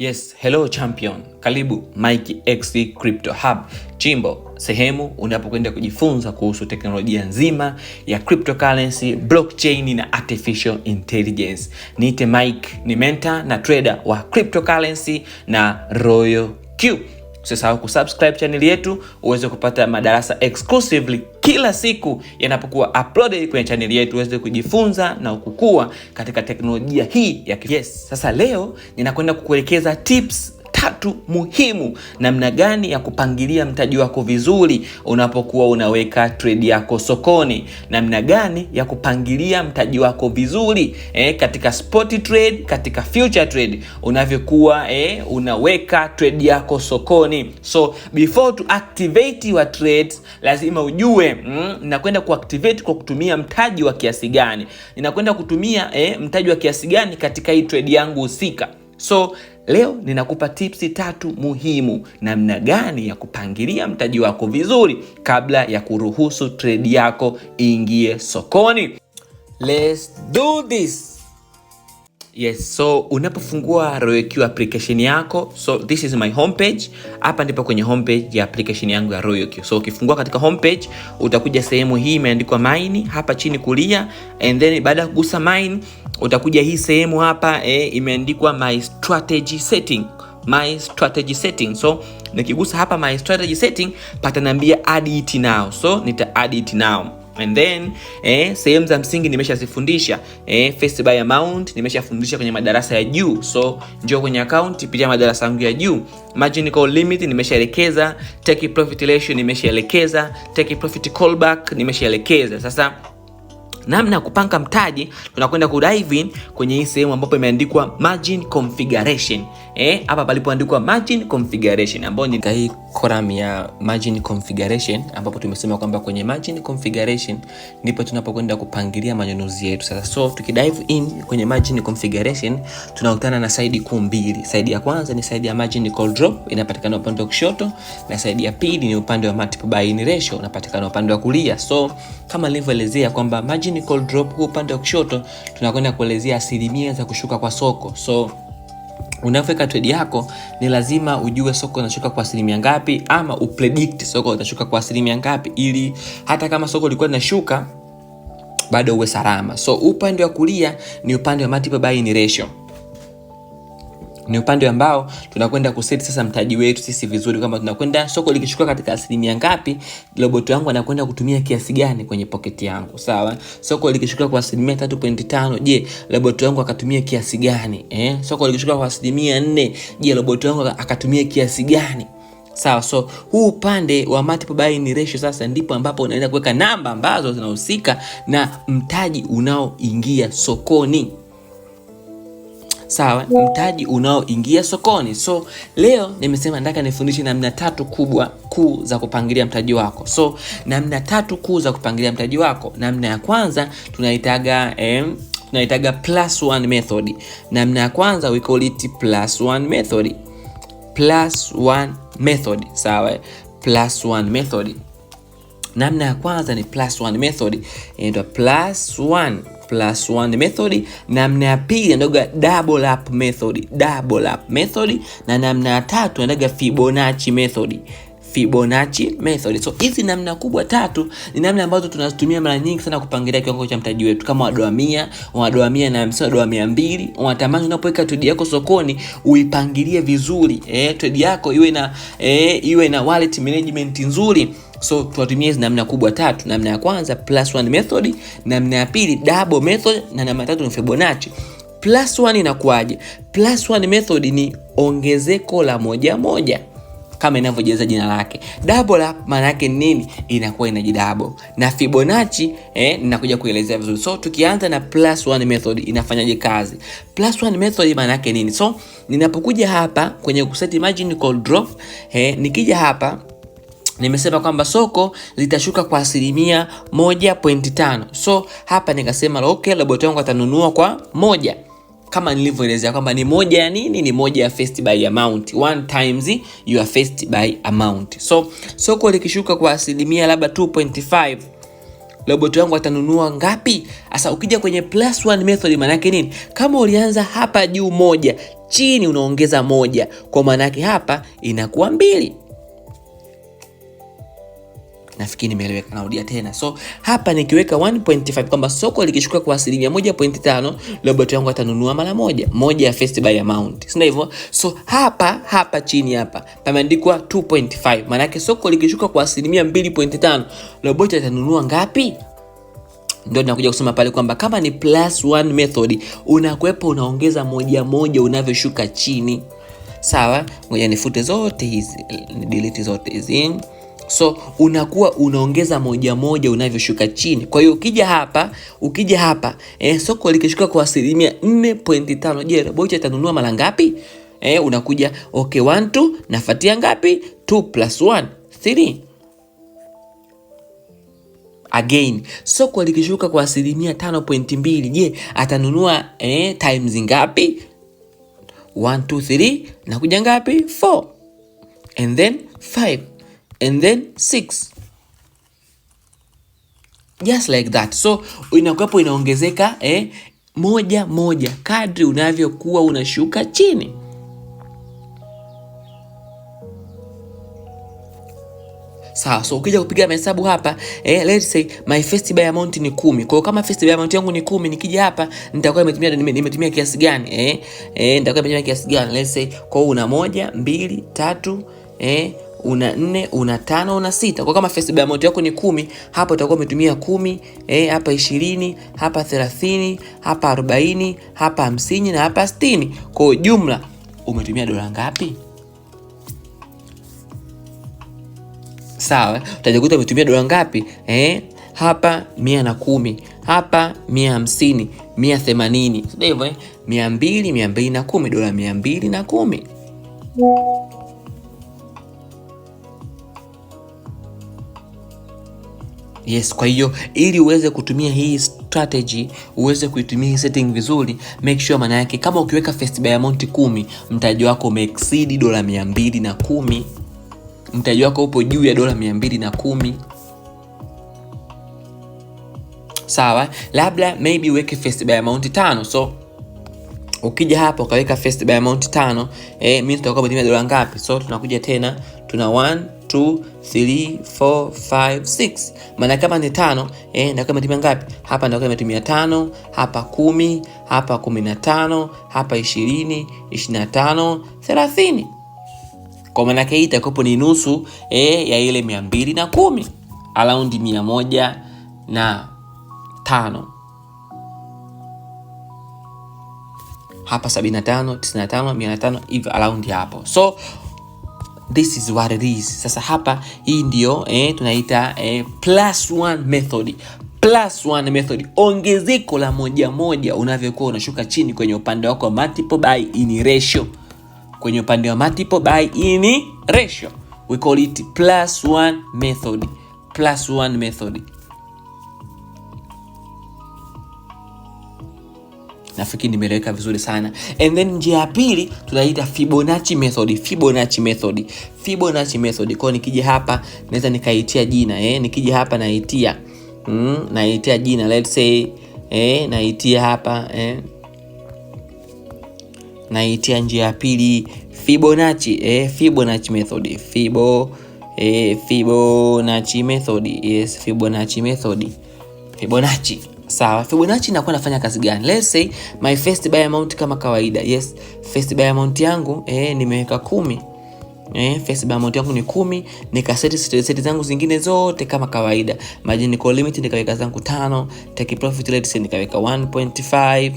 Yes, hello champion. Karibu Mike X Crypto Hub. Chimbo sehemu unapokwenda kujifunza kuhusu teknolojia nzima ya cryptocurrency, blockchain na artificial intelligence. Niite Mike, ni mentor na trader wa cryptocurrency na Royal Q. Usisahau kusubscribe chaneli yetu uweze kupata madarasa exclusively kila siku yanapokuwa uploaded kwenye chaneli yetu, uweze kujifunza na kukua katika teknolojia hii ya yes. Sasa leo ninakwenda kukuelekeza tips tatu muhimu, namna gani ya kupangilia mtaji wako vizuri unapokuwa unaweka trade yako sokoni, namna gani ya kupangilia mtaji wako vizuri eh, katika spot trade, katika future trade unavyokuwa eh, unaweka trade yako sokoni. So before to activate your trades, lazima ujue mm, nakwenda kuactivate kwa kutumia mtaji wa kiasi gani, ninakwenda kutumia eh, mtaji wa kiasi gani katika hii trade yangu husika. So Leo ninakupa tipsi tatu muhimu namna gani ya kupangilia mtaji wako vizuri kabla ya kuruhusu trade yako iingie sokoni. Let's do this. Yes, so unapofungua RoyalQ application yako, so this is my homepage. Hapa ndipo kwenye homepage ya application yangu ya RoyalQ. So ukifungua katika homepage utakuja sehemu hii imeandikwa mine hapa chini kulia, and then baada ya kugusa mine utakuja hii sehemu hapa eh, imeandikwa my strategy setting my strategy setting. So nikigusa hapa my strategy setting, pataniambia add it now, so nita add it now. And then eh, sehemu za msingi nimeshazifundisha eh, first by amount nimeshafundisha kwenye madarasa ya juu, so njoo kwenye account, pitia madarasa yangu ya juu. Margin call limit nimeshaelekeza, take profit ratio nimeshaelekeza, take profit callback nimeshaelekeza. Sasa namna ya kupanga mtaji tunakwenda kudive kwenye hii sehemu ambapo imeandikwa margin configuration eh, hapa palipoandikwa margin configuration ambayo ni hii column ya margin configuration, ambapo tumesema kwamba kwenye margin configuration ndipo tunapokwenda kupangilia manyunuzi yetu. Sasa so tukidive in kwenye margin configuration tunakutana na side kuu mbili. Side ya kwanza ni side ya margin call drop inapatikana upande wa kushoto, na side ya pili ni upande wa multiple buy in ratio unapatikana upande wa kulia. So kama nilivyoelezea kwamba margin call drop huu upande wa kushoto tunakwenda kuelezea asilimia za kushuka kwa soko so Unavyoweka trade yako ni lazima ujue soko linashuka kwa asilimia ngapi, ama upredict soko litashuka kwa asilimia ngapi, ili hata kama soko lilikuwa linashuka bado uwe salama. So upande wa kulia ni upande wa multiple buying ratio ni upande ambao tunakwenda kuseti sasa mtaji wetu sisi vizuri, kwamba tunakwenda soko likishuka katika asilimia ngapi, robot yangu anakwenda kutumia kiasi gani kwenye poketi yangu. Sawa, soko likishuka kwa asilimia 3.5, je, robot yangu akatumia kiasi gani? Eh, soko likishuka kwa asilimia 4, je, robot yangu akatumia kiasi gani? Sawa, so huu upande wa multiple buying ratio sasa ndipo ambapo unaenda kuweka namba ambazo zinahusika na mtaji unaoingia sokoni sawa, mtaji unaoingia sokoni. So leo nimesema nataka nifundishe namna tatu kubwa kuu za kupangilia mtaji wako. So namna tatu kuu za kupangilia mtaji wako, namna ya kwanza tunaitaga eh, tunaitaga plus one method. Namna ya kwanza we call it plus one method, plus one method, sawa, eh? plus one method. Namna ya kwanza ni plus one method, inaitwa plus one plus 1 method, namna ya pili inaitwa double up method, double up method, na namna ya tatu inaitwa Fibonacci method Fibonacci method. So hizi namna kubwa tatu ni namna ambazo tunazitumia mara nyingi sana kupangilia kiwango cha mtaji wetu, kama wadoa mia, wadoa mia na hamsini, wadoa mia mbili. Unatamani unapoweka trade yako sokoni uipangilie vizuri, eh, trade yako iwe na eh, iwe na wallet management nzuri So tunatumia hizi namna kubwa tatu, namna ya kwanza plus one method, namna ya pili double method na namna tatu ni Fibonacci. Plus one inakuwaje? Plus one method ni ongezeko la moja moja kama inavyojaza jina lake. Double up maana yake nini? Inakuwa inajidouble. Na Fibonacci eh, ninakuja kuelezea vizuri. So tukianza na plus one method inafanyaje kazi? Plus one method maana yake nini? So ninapokuja hapa kwenye kuseti margin call drop, eh, nikija hapa nimesema kwamba soko litashuka kwa asilimia 1.5. So hapa nikasema okay, robot yangu atanunua kwa moja kama nilivyoelezea kwamba ni moja ya nini, ni moja ya first buy amount, one times your first buy amount. So soko likishuka kwa asilimia labda 2.5, robot wangu atanunua ngapi? Sasa ukija kwenye plus one method, maanake nini? Kama ulianza hapa juu moja, chini unaongeza moja, kwa maanake hapa inakuwa mbili. Nafikiri nimeeleweka, narudia tena. So hapa nikiweka 1.5 kwamba soko likishuka kwa asilimia 1.5, robot yangu atanunua mara moja moja ya first buy amount, si hivyo. So hapa hapa chini hapa pameandikwa 2.5, maana yake soko likishuka kwa asilimia 2.5, robot atanunua ngapi? Ndio tunakuja kusema pale kwamba kama ni plus 1 method, unakwepa unaongeza moja moja unavyoshuka chini. Sawa, ngoja nifute zote hizi, delete zote hizi so unakuwa unaongeza moja moja unavyoshuka chini. Kwa hiyo ukija hapa ukija hapa eh, soko likishuka kwa asilimia 4.5, je, Roboche atanunua mara ngapi? eh, unakuja okay, 1 2 nafuatia ngapi? 2 plus 1 3 Again, soko likishuka kwa asilimia 5.2, je, atanunua eh, times ngapi? 1 2 3 nakuja ngapi? 4 and then 5 and then 6 just like that. So inakwepo inaongezeka eh, moja moja kadri unavyokuwa unashuka chini. Sawa, so ukija kupiga mahesabu hapa eh, let's say my first buy amount ni kumi. Kwa kama first buy amount yangu ni kumi, nikija hapa nitakuwa nimetumia nimetumia kiasi gani eh? Eh, nitakuwa nimetumia kiasi gani? Let's say kwa una moja, mbili, tatu eh una nne, una tano, una sita. Kwa kama Facebook amount yako ni kumi, hapa utakuwa umetumia kumi, eh, hapa ishirini, hapa thelathini, hapa arobaini, hapa hamsini na hapa sitini. Kwa jumla umetumia dola ngapi? Sawa, utajikuta umetumia dola ngapi? Eh, hapa mia na kumi, hapa mia hamsini, mia themanini, sio hivyo eh? mia mbili, mia mbili na kumi, dola mia mbili na kumi. Yes, kwa hiyo ili uweze kutumia hii strategy, uweze kuitumia hii setting vizuri, make sure maana yake kama ukiweka first buy amount 10, mtaji wako umeexceed dola 210, mtaji wako upo juu ya dola 210. Sawa, labda maybe uweke first buy amount 5. So ukija hapa ukaweka first buy amount 5, eh, mimi nitakuwa nimetumia dola ngapi? So tunakuja tena tuna 1 6. Maana kama ni tano eh, na kama imetumia ngapi hapa? Na kama imetumia tano hapa, kumi hapa, kumi na tano hapa, ishirini ishirini na tano thelathini. Kwa maana yake hii ni nusu eh, ya ile mia mbili na kumi alaundi mia moja na tano hapa 75 95 105 hivyo alaundi hapo so this is what it is. Sasa hapa hii ndio eh, tunaita eh, plus one method plus one method, ongezeko la moja moja, unavyokuwa unashuka chini kwenye upande wako wa multiple by in ratio, kwenye upande wa multiple by in ratio we call it plus one method, plus one method. Nafikiri nimeleweka vizuri sana. And then njia ya pili tunaita Fibonacci method, Fibonacci method, Fibonacci method. kwao nikija hapa naweza nikaitia jina eh, nikija hapa naitia mm, naitia jina let's say eh, naitia hapa eh, naitia njia ya pili Fibonacci eh, Fibonacci method, Fibo eh, Fibonacci method, yes, Fibonacci method, Fibonacci Sawa, Fibonacci inakuwa nafanya kazi gani? Let's say my first buy amount kama kawaida. Yes, first buy amount yangu eh, nimeweka kumi. Eh, first buy amount yangu ni kumi, nikaseti seti zangu zingine zote kama kawaida. Margin call limit nikaweka zangu tano, take profit rate say nikaweka 1.5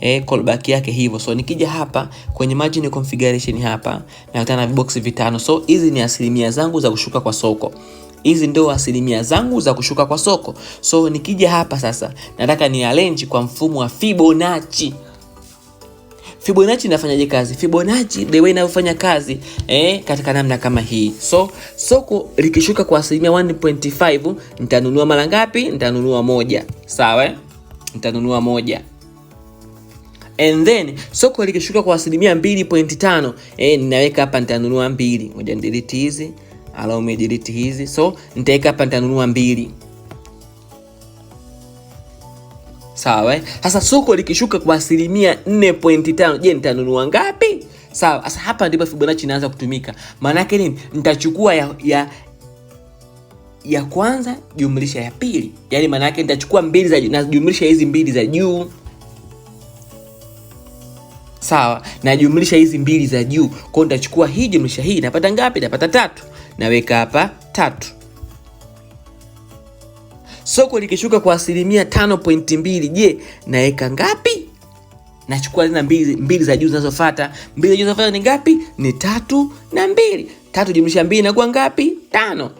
eh, callback yake hivyo. So nikija hapa kwenye margin configuration hapa nakutana na vibox vitano. So hizi ni asilimia zangu za kushuka kwa soko. Hizi ndio asilimia zangu za kushuka kwa soko. So nikija hapa sasa, nataka ni arrange kwa mfumo wa Fibonacci. Fibonacci inafanyaje kazi? Fibonacci the way inayofanya kazi eh, katika namna kama hii. So soko likishuka kwa asilimia 1.5 nitanunua mara ngapi? Nitanunua moja, sawa? eh? Nitanunua moja and then soko likishuka kwa asilimia 2.5, eh, ninaweka hapa nitanunua mbili. Ngoja nidelete hizi allow me delete hizi, so nitaweka hapa, nitanunua mbili. Sawa, eh? sasa soko likishuka kwa asilimia 4.5, je, nitanunua ngapi? Sawa, sasa hapa ndipo Fibonacci inaanza kutumika. Maana yake nini? Nitachukua ya, ya ya kwanza jumlisha ya pili, yaani maana yake nitachukua mbili za jumlisha hizi mbili za juu sawa, najumlisha hizi mbili za juu, kwa hiyo nitachukua hii jumlisha hii, napata ngapi? Napata tatu naweka hapa tatu. Soko likishuka kwa asilimia 5.2, je, naweka ngapi? Nachukua zina mbili, mbili za juu zinazofuata. Mbili za juu zinazofuata ni ngapi? Ni tatu na mbili. Tatu jumlisha mbili inakuwa ngapi? Tano.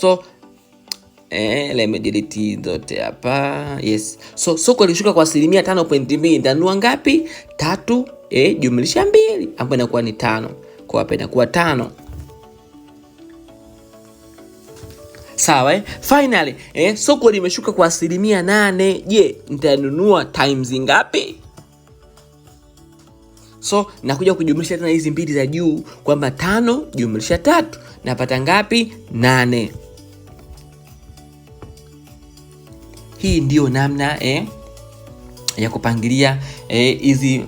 So eh, let me delete zote hapa. Yes. So soko likishuka kwa asilimia 5.2, ndanua ngapi? Tatu eh, jumlisha mbili ambayo inakuwa ni tano. Kwa hapa inakuwa tano. sawa eh? Finally eh, soko limeshuka kwa asilimia nane. Je, nitanunua times ngapi? So nakuja kujumlisha tena hizi mbili za juu kwamba tano jumlisha tatu napata ngapi? Nane. Hii ndiyo namna eh, ya kupangilia eh, hizi eh,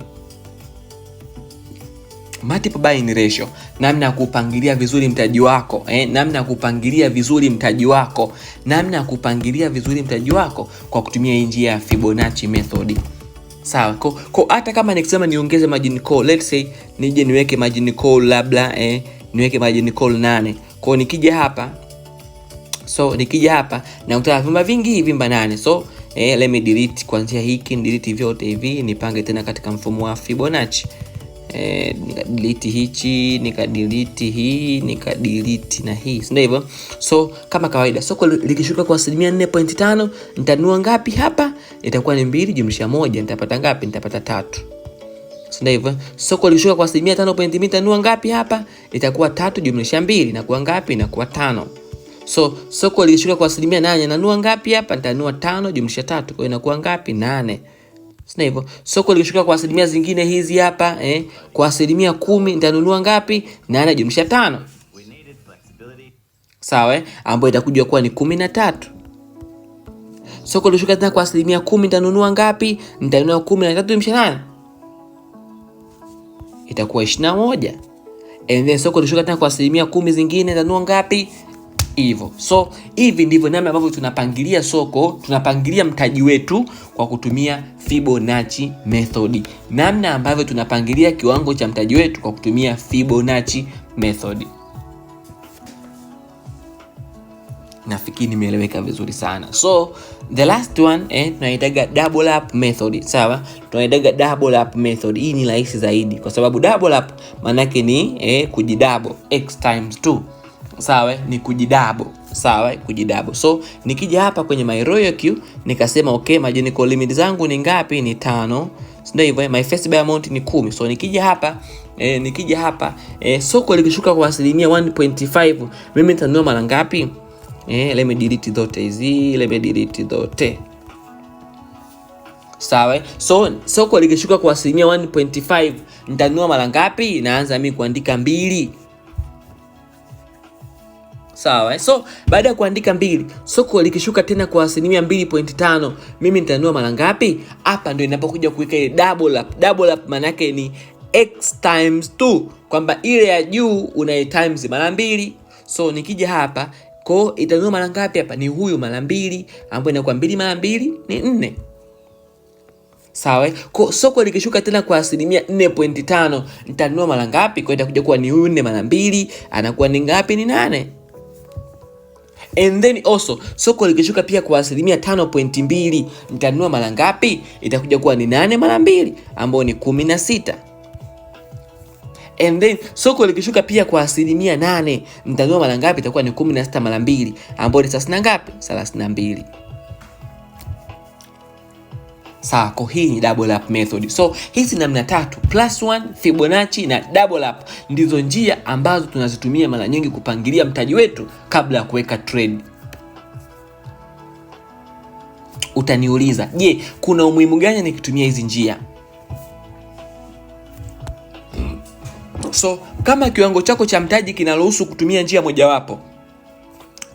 multiple buying ratio, namna ya kupangilia vizuri mtaji wako eh, namna ya kupangilia vizuri mtaji wako, namna ya kupangilia vizuri mtaji wako kwa kutumia hii njia ya Fibonacci method. Sawa, kwa kwa hata kama nikisema niongeze margin call, let's say nije niweke margin call labda eh, niweke margin call nane. Kwa nikija hapa so nikija hapa na utaona vimba vingi hivi vimba nane so eh, let me delete kuanzia hiki delete vyote hivi nipange tena katika mfumo wa Fibonacci e, eh, nikadelete hichi nikadelete hii nikadelete na hii, si ndio hivyo? So kama kawaida soko likishuka kwa asilimia 4.5 nitanua ngapi hapa? Itakuwa ni mbili jumlisha moja, nitapata ngapi? Nitapata tatu, si ndio hivyo? Soko likishuka kwa asilimia 5.2 nitanua ngapi hapa? Itakuwa tatu jumlisha mbili, inakuwa ngapi? Inakuwa tano. So soko likishuka kwa asilimia nane nanua ngapi hapa? Nitanua tano jumlisha tatu, kwa hiyo inakuwa ngapi? Nane sina hivyo. Soko likishuka kwa asilimia zingine hizi hapa eh, kwa asilimia kumi nitanunua ngapi? nane jumlisha tano sawa, eh, ambayo itakuja kuwa ni kumi na tatu. Soko likishuka tena kwa asilimia kumi nitanunua ngapi? nitanunua kumi na tatu jumlisha nane itakuwa ishirini na moja. And then soko likishuka tena kwa asilimia kumi zingine nitanunua ngapi? hivyo. So hivi ndivyo namna ambavyo tunapangilia soko, tunapangilia mtaji wetu kwa kutumia Fibonacci method, namna ambavyo tunapangilia kiwango cha mtaji wetu kwa kutumia Fibonacci method. Nafikiri nimeeleweka vizuri sana. So the last one eh, double up method. Sawa, tunaitaga double up method. Hii ni rahisi zaidi kwa sababu double up maanake ni eh, kujidouble x times 2 sawa, ni kujidabo sawa, kujidabo. So nikija hapa kwenye my royal queue nikasema okay, margin call limit zangu ni ngapi? Ni tano, sio hivyo. Eh? My first buy amount ni kumi. So nikija hapa eh, nikija hapa eh, soko likishuka kwa asilimia 1.5 mimi nitanua mara ngapi? Eh, let me delete zote hizi, let me delete zote Sawa, eh? so soko likishuka kwa asilimia 1.5 nitanua mara ngapi? Naanza mimi kuandika mbili. Sawa eh? So baada ya kuandika mbili, soko likishuka tena kwa asilimia 2.5, mimi nitanunua mara ngapi? Hapa ndio inapokuja kuweka ile double up. Double up maana yake ni x times 2 kwamba ile ya juu unai times mara mbili. So nikija hapa ko itanunua mara ngapi? Hapa ni huyu mara mbili, ambayo inakuwa mbili mara mbili ni nne. Sawa, eh? kwa soko likishuka tena kwa asilimia 4.5 nitanunua mara ngapi? Kwa itakuja kuwa ni huyu nne mara mbili, anakuwa ni ngapi? Ni nane. And then also soko likishuka pia kwa asilimia 5.2 nitanunua mara ngapi? Itakuja kuwa ni nane mara mbili ambayo ni 16. And then soko likishuka pia kwa asilimia 8 nitanunua mara ngapi? Itakuwa ni 16 mara mbili ambayo ni thelathini na ngapi? 32. Sawa, kwa hii ni double up method. So hizi namna tatu plus one, Fibonacci na double up ndizo njia ambazo tunazitumia mara nyingi kupangilia mtaji wetu kabla ya kuweka trade. Utaniuliza, je, kuna umuhimu gani nikitumia hizi njia? So kama kiwango chako cha mtaji kinaruhusu kutumia njia mojawapo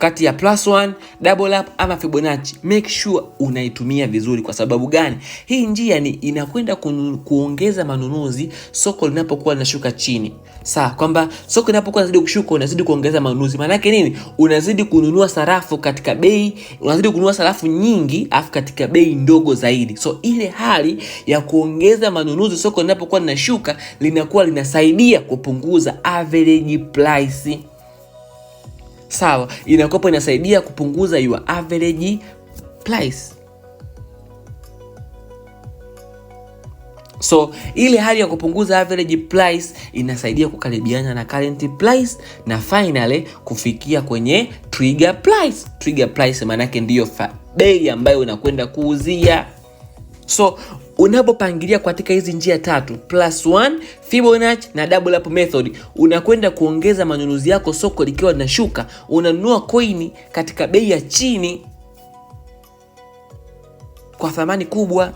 kati ya plus one, double up ama Fibonacci, make sure unaitumia vizuri. Kwa sababu gani? Hii njia ni inakwenda kuongeza manunuzi soko linapokuwa linashuka chini, sawa, kwamba soko linapokuwa linazidi kushuka unazidi kuongeza manunuzi. Maana yake nini? Unazidi kununua sarafu katika bei, unazidi kununua sarafu nyingi afu katika bei ndogo zaidi. So ile hali ya kuongeza manunuzi soko linapokuwa linashuka linakuwa linasaidia kupunguza average price sawa, inakopo inasaidia kupunguza your average price. So ile hali ya kupunguza average price inasaidia kukaribiana na current price na finally kufikia kwenye trigger price. Trigger price maanake ndiyo bei ambayo unakwenda kuuzia. So unapopangilia katika hizi njia tatu plus one, Fibonacci na double up method, unakwenda kuongeza manunuzi yako soko likiwa linashuka, unanunua koini katika bei ya chini kwa thamani kubwa.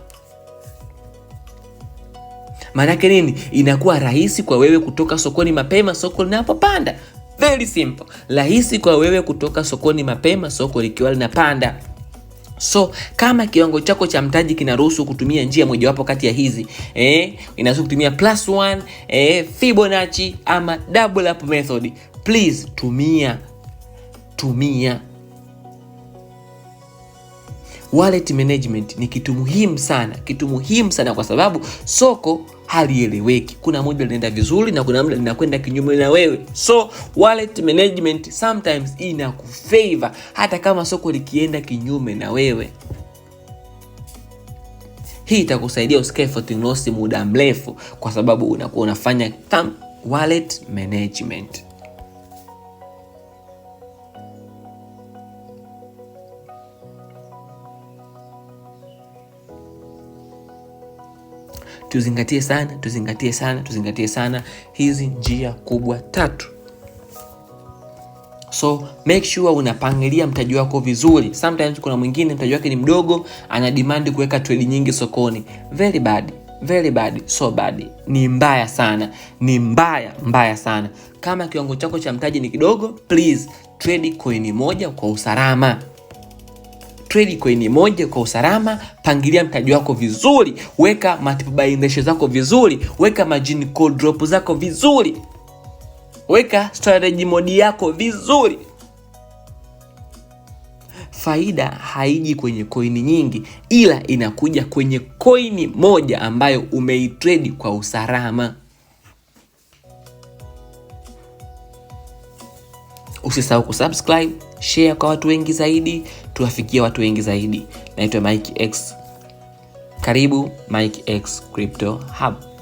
Maanake nini? Inakuwa rahisi kwa wewe kutoka sokoni mapema soko linapopanda. Very simple, rahisi kwa wewe kutoka sokoni mapema soko likiwa linapanda. So kama kiwango chako cha mtaji kinaruhusu kutumia njia mojawapo kati ya hizi eh, inaweza kutumia plus one, eh, Fibonacci ama double up method, please tumia tumia. Wallet management ni kitu muhimu sana, kitu muhimu sana kwa sababu soko halieleweki. Kuna muda linaenda vizuri na kuna muda linakwenda kinyume na wewe. So wallet management sometimes inakufavor hata kama soko likienda kinyume na wewe. Hii itakusaidia usikae floating loss muda mrefu, kwa sababu unakuwa unafanya wallet management. tuzingatie sana, tuzingatie sana, tuzingatie sana hizi njia kubwa tatu. So make sure unapangilia mtaji wako vizuri. Sometimes kuna mwingine mtaji wake ni mdogo, ana demand kuweka trade nyingi sokoni. Very bad, very bad, so bad. Ni mbaya sana, ni mbaya mbaya sana. Kama kiwango chako cha mtaji ni kidogo, please trade coin moja kwa usalama trade coin moja kwa usalama. Pangilia mtaji wako vizuri, weka multiple buying ratio zako vizuri, weka margin call drop zako vizuri, weka strategy mode yako vizuri. Faida haiji kwenye koini nyingi, ila inakuja kwenye koini moja ambayo umeitredi kwa usalama. Usisahau kusubscribe share kwa watu wengi zaidi, tuwafikie watu wengi zaidi. Naitwa Mike X, karibu Mike X Crypto Hub.